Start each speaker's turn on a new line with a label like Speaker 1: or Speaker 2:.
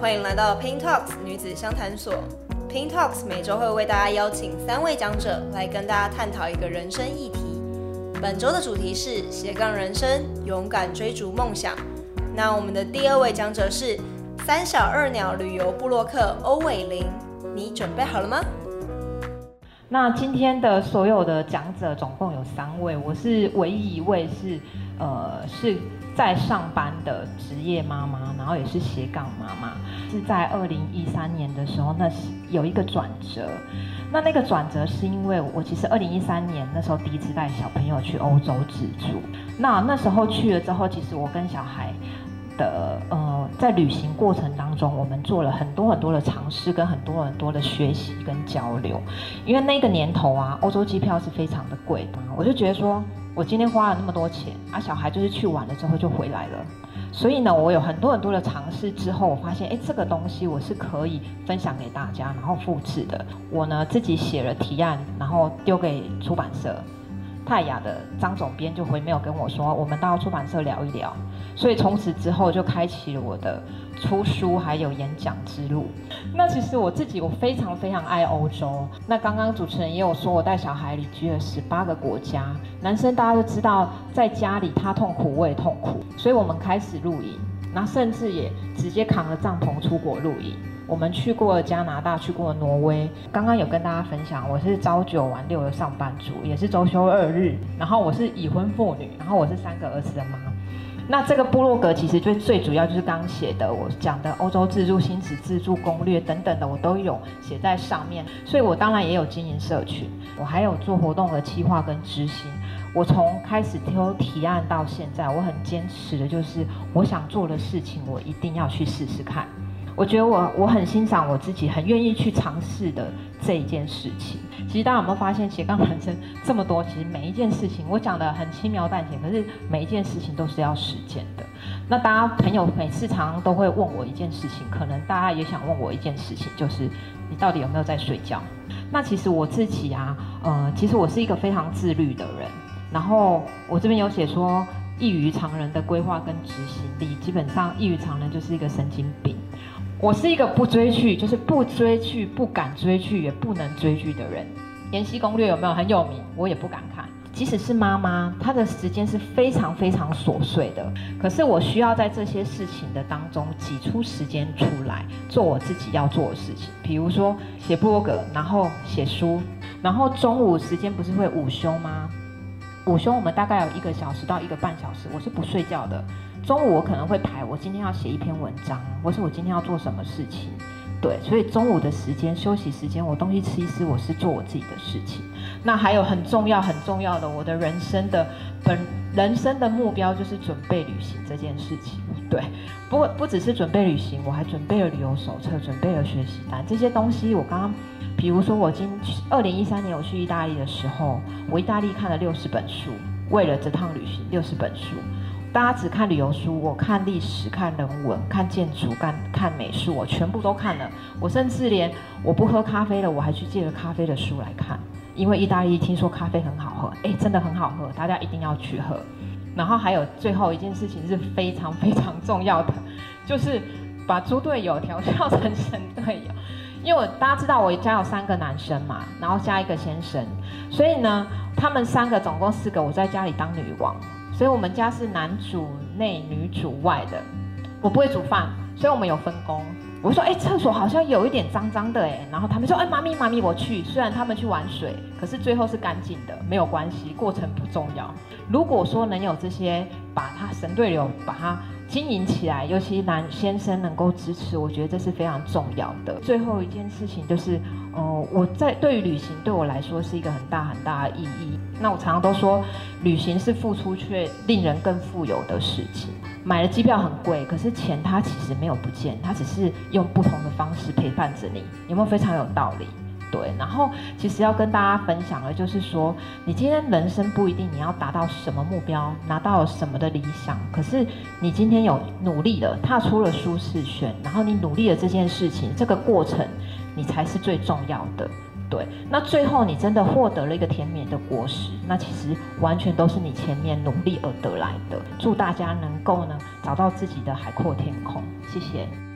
Speaker 1: 歡迎來到 Pink Talks 女子相談所。Pink Talks 每週會為大家邀請三位講者來跟大家探討一個人生議題。本週的主題是斜槓人生，勇敢追逐夢想。那我們的第二位講者是三小二鳥旅遊部落客歐韋伶。你準備好了嗎？那今天的所有的講者總共有三位，我是唯一一位是，呃，是。在上班的職業媽媽，然後也是斜槓媽媽，是在二零一三年的時候，那是有一個轉折。那那個轉折是因為我，我其實二零一三年那時候第一次帶小朋友去歐洲自助。那那時候去了之後，其實我跟小孩的呃，在旅行過程當中，我們做了很多很多的嘗試，跟很多很多的學習跟交流。因為那個年頭啊，歐洲機票是非常的貴的，我就覺得說。我今天花了那麼多錢啊，小孩就是去玩了之後就回來了，所以呢，我有很多很多的嘗試之後，我發現，哎，這個東西我是可以分享給大家，然後複製的。我呢，自己寫了提案，然後丟給出版社。太雅的張總編就回，沒有跟我說，我們到出版社聊一聊。所以從此之後就開啟了我的出書還有演講之路。那其實我自己我非常非常愛歐洲。那剛剛主持人也有說，我帶小孩旅居了十八個國家。男生大家都知道，在家裡他痛苦，我也痛苦。所以我們開始露營然後甚至也直接扛着帳篷出國露營。我們去過了加拿大，去過了挪威。剛剛有跟大家分享，我是朝九晚六的上班族，也是週休二日。然後我是已婚婦女，然後我是三個兒子的媽媽。那這個部落格其實就最主要就是剛寫的，我講的歐洲自助、親子、自助攻略等等的，我都有寫在上面。所以我當然也有經營社群，我還有做活動的計劃跟執行。我從開始挑提案到現在，我很堅持的就是我想做的事情，我一定要去試試看。我覺得我我很欣賞我自己，很願意去嘗試的這一件事情。其實大家有沒有發現，斜槓男生這麼多？其實每一件事情，我講的很輕描淡寫，可是每一件事情都是要時間的。那大家朋友每次常常都會問我一件事情，可能大家也想問我一件事情，就是你到底有沒有在睡覺？那其實我自己啊，呃，其實我是一個非常自律的人。然後我這邊有寫說，異於常人的規劃跟執行力，基本上異於常人就是一個神經病。我是一個不追劇，就是不追劇、不敢追劇、也不能追劇的人。《延禧攻略》有沒有很有名？我也不敢看。即使是媽媽，她的時間是非常非常瑣碎的。可是我需要在這些事情的當中擠出時間出來，做我自己要做的事情。比如說寫部落格，然後寫書，然後中午時間不是會午休嗎？午休我們大概有一個小時到一個半小時，我是不睡覺的。中午我可能會排，我今天要寫一篇文章，或是我今天要做什麼事情，對，所以中午的時間休息時間，我東西吃一吃，我是做我自己的事情。那還有很重要很重要的，我的人生的本人生的目標就是準備旅行這件事情，對。不不只是準備旅行，我還準備了旅遊手冊，準備了學習單這些東西。我剛剛，比如說我今二零一三年我去意大利的時候，我意大利看了六十本書，為了這趟旅行六十本書。大家只看旅遊書，我看歷史、看人文、看建築、看看美術，我全部都看了。我甚至連我不喝咖啡了，我還去借了咖啡的書來看，因為意大利聽說咖啡很好喝，欸，真的很好喝，大家一定要去喝。然後還有最後一件事情是非常非常重要的，就是把豬隊友調教成神隊友。因為我大家知道我家有三個男生嘛，然後加一個先生，所以呢，他們三個總共四個，我在家裡當女王。所以，我們家是男主內，女主外的。我不會煮飯，所以我們有分工。我說：“哎、欸，廁所好像有一點髒髒的。”哎，然後他們說：“哎、欸，媽咪，媽咪，我去。”雖然他們去玩水，可是最後是乾淨的，沒有關係，過程不重要。如果說能有這些，把他神隊友，把他……經營起來，尤其男先生能夠支持，我覺得這是非常重要的。最後一件事情就是，呃，我在對於旅行對我來說是一個很大很大的意義。那我常常都說，旅行是付出卻令人更富有的事情。買的機票很貴，可是錢它其實沒有不見，它只是用不同的方式陪伴着你。有沒有非常有道理？對，然後其實要跟大家分享的就是說，你今天人生不一定你要達到什麼目標，拿到什麼的理想，可是你今天有努力了，踏出了舒適圈，然後你努力了這件事情，這個過程，你才是最重要的。對，那最後你真的獲得了一個甜美的果實，那其實完全都是你前面努力而得來的。祝大家能夠呢找到自己的海闊天空，謝謝。